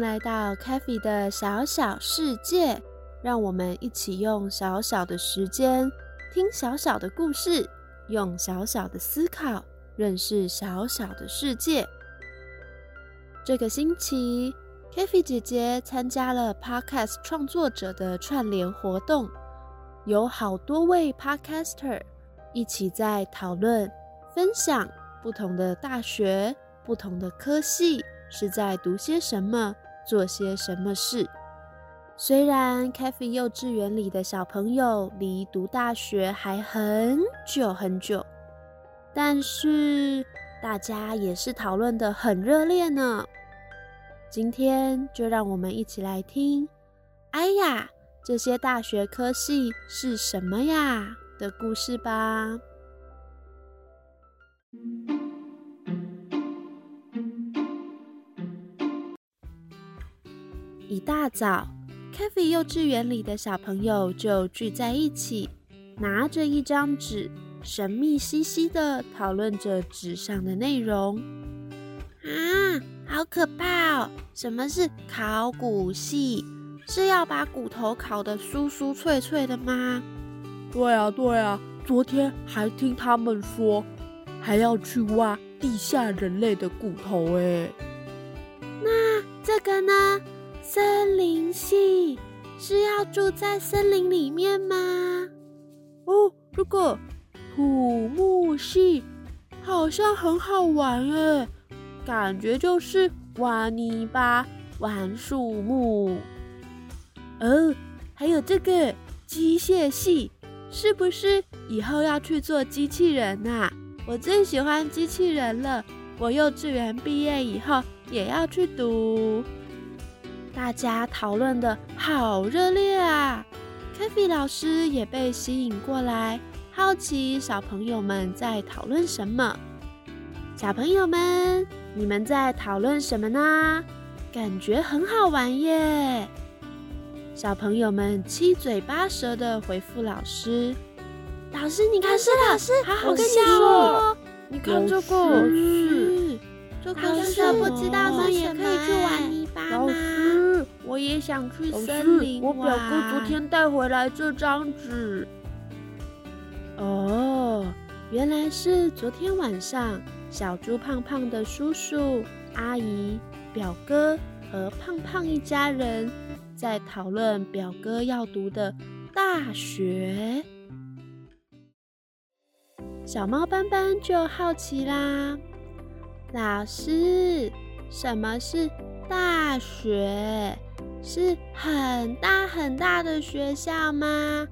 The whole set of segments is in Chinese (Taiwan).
來到 Kaffi 的小小世界，讓我們一起用小小的時間聽小小的故事，用小小的思考認識小小的世界。這個星期，Kaffi 姐姐參加了 Podcast 創作者的串聯活動，有好多位 Podcaster 一起在討論、分享不同的大學、不同的科系是在讀些什麼。做些什麼事？雖然 Kathy 幼稚園裡的小朋友離讀大學還很久很久，但是大家也是討論得很熱烈呢。今天就讓我們一起來聽“哎呀，這些大學科系是什麼呀？”的故事吧。 一大早，咖啡幼稚園裡的小朋友就聚在一起，拿着一張紙，神秘兮兮地討論着紙上的內容。啊，好可怕哦！什麼是考古系？是要把骨頭烤得酥酥脆脆的嗎？對啊，對啊！昨天還聽他們說，還要去挖地下人類的骨頭哎。那這個呢？林系，是要住在森林裡面嗎？哦，如果土木系好像很好玩誒，感覺就是玩泥巴、玩樹木。哦，還有這個機械系，是不是以後要去做機器人吶？我最喜歡機器人了，我幼稚園畢業以後也要去讀。大家討論的好熱烈啊！咖啡老師也被吸引過來，好奇小朋友們在討論什麼。小朋友們，你們在討論什麼呢？感覺很好玩耶！小朋友們七嘴八舌地回復老師：“老師，你看，老師，好好跟你說、哦，你看這個是……老師不知道什麼也可以去玩泥巴嗎？”我也想去森林。我表哥昨天帶回來這張紙。哦，原來是昨天晚上小豬胖胖的叔叔、阿姨、表哥和胖胖一家人在討論表哥要讀的大學。小貓斑斑就好奇啦，老師，什麼是？大學是很大很大的學校嗎？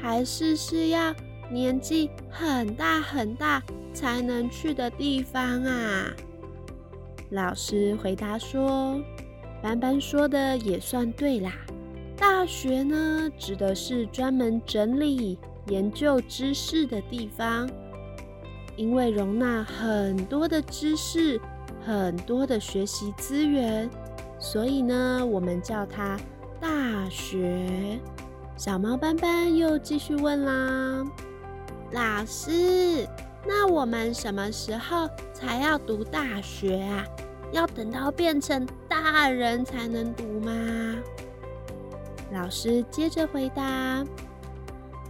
還是是要年紀很大很大才能去的地方啊？老師回答說：“板板說的也算對啦，大學呢，指的是專門整理、研究知識的地方，因為容納很多的知識，”很多的學習資源，所以呢，我們叫它大學。小貓斑斑又繼續問啦：“老師，那我們什麼時候才要讀大學啊？要等到變成大人才能讀嗎？”老師接着回答：“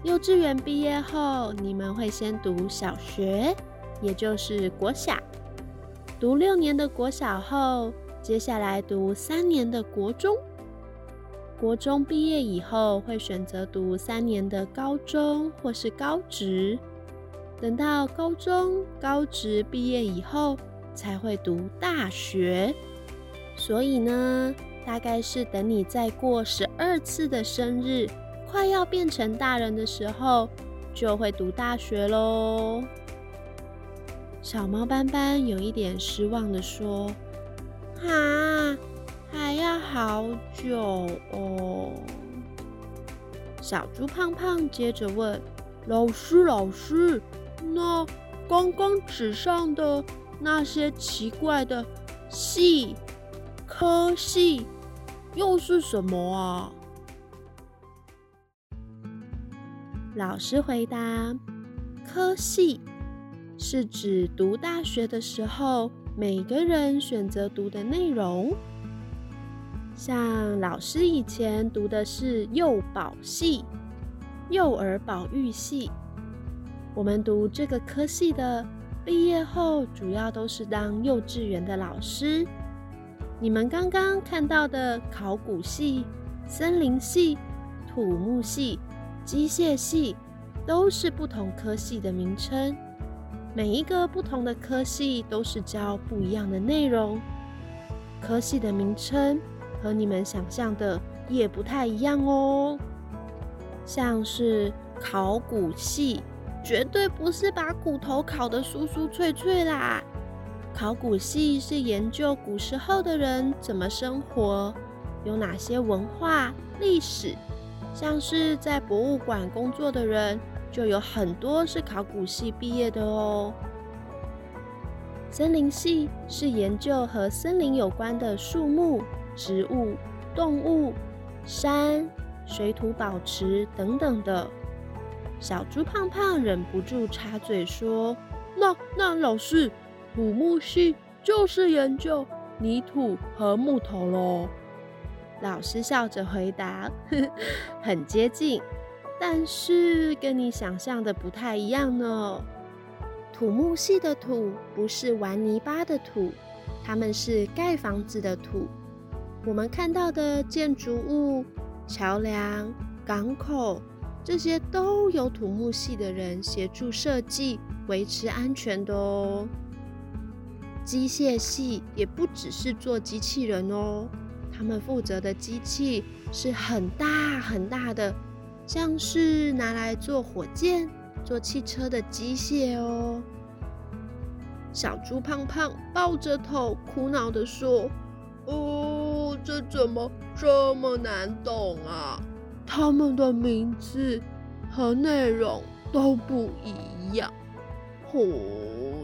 幼稚園畢業後，你們會先讀小學，也就是國小。”讀六年的國小後，接下來讀三年的國中。國中畢業以後，會選擇讀三年的高中或是高職。等到高中、高職畢業以後，才會讀大學。所以呢，大概是等你再過十二次的生日，快要變成大人的時候，就會讀大學嘍。小貓斑斑有一點失望地說：“啊，還要好久哦。”小豬胖胖接着問：“老師，老師，那剛剛紙上的那些奇怪的系，科系又是什麼啊？”老師回答：“科系。”是指讀大學的時候，每個人選擇讀的內容。像老師以前讀的是幼保系，幼兒保育系。我們讀這個科系的，畢業後主要都是當幼稚園的老師。你們剛剛看到的考古系、森林系、土木系、機械系，都是不同科系的名稱。每一個不同的科系都是教不一樣的內容，科系的名稱和你們想象的也不太一樣哦。像是考古系，絕對不是把骨頭烤得酥酥脆脆啦。考古系是研究古時候的人怎麼生活，有哪些文化歷史，像是在博物館工作的人。就有很多是考古系畢業的哦。森林系是研究和森林有關的樹木、植物、動物、山、水土保持等等的。小豬胖胖忍不住插嘴說：“那那老師，土木系就是研究泥土和木頭嘍？”老師笑着回答呵呵：“很接近。”但是跟你想象的不太一樣呢。土木系的土不是玩泥巴的土，他們是蓋房子的土。我們看到的建築物、橋樑、港口，這些都有土木系的人協助設計，維持安全的哦。機械系也不只是做機器人哦，他們負責的機器是很大很大的。像是拿來做火箭、做汽車的機械哦、喔。小豬胖胖抱着頭，苦惱的說：“哦，這怎麼這麼難懂啊？他們的名字和內容都不一樣。哦，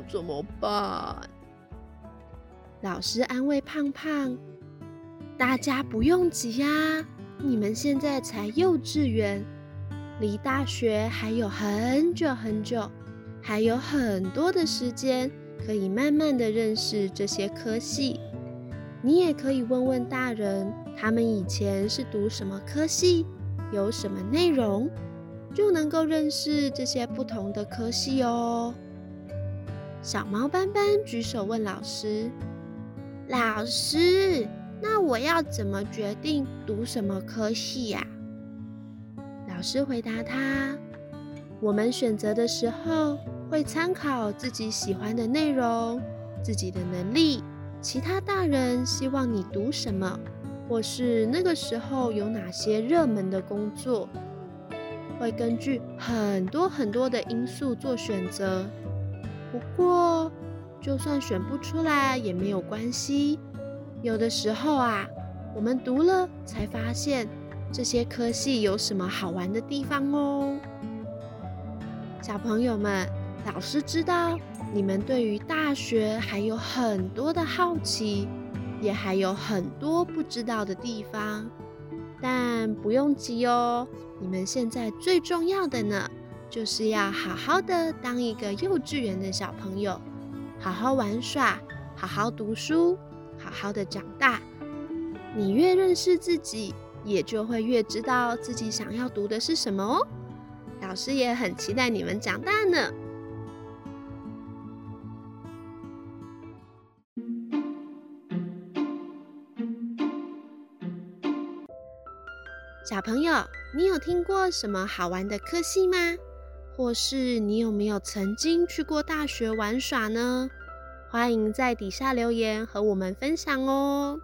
怎麼辦？”老師安慰胖胖：“大家不用急呀、啊，你們現在才幼稚園。”離大學還有很久很久，還有很多的時間可以慢慢的認識這些科系。你也可以問問大人，他們以前是讀什麼科系，有什麼內容，就能夠認識這些不同的科系哦。小貓斑斑舉手問老師：“老師，那我要怎麼決定讀什麼科系呀？”老師回答他：“我們選擇的時候會參考自己喜歡的內容、自己的能力、其他大人希望你讀什麼，或是那個時候有哪些熱門的工作，會根據很多很多的因素做選擇。不過，就算選不出來也沒有關係。有的時候啊，我們讀了才發現。”這些科系有什麼好玩的地方哦？小朋友們，老師知道你們對於大學還有很多的好奇，也還有很多不知道的地方。但不用急哦，你們現在最重要的呢，就是要好好的當一個幼稚園的小朋友，好好玩耍，好好讀書，好好的長大。你越認識自己。也就會越知道自己想要讀的是什麼哦。老師也很期待你們長大呢。小朋友，你有聽過什麼好玩的科系嗎？或是你有沒有曾經去過大學玩耍呢？歡迎在底下留言和我們分享哦。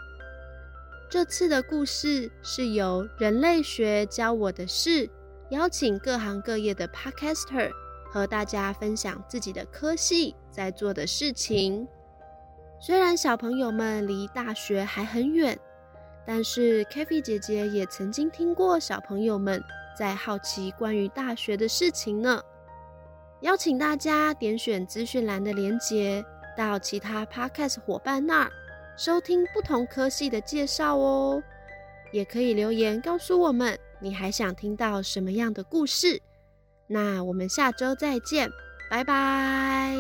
這次的故事是由人類學教我的事，邀請各行各業的 podcaster 和大家分享自己的科系在做的事情。雖然小朋友們離大學還很遠，但是 Kathy 姐姐也曾經聽過小朋友們在好奇關於大學的事情呢。邀請大家點選資訊欄的連結，到其他 podcast 夥伴那兒。收聽不同科系的介紹哦，也可以留言告訴我們你還想聽到什麼樣的故事。那我們下周再見，拜拜。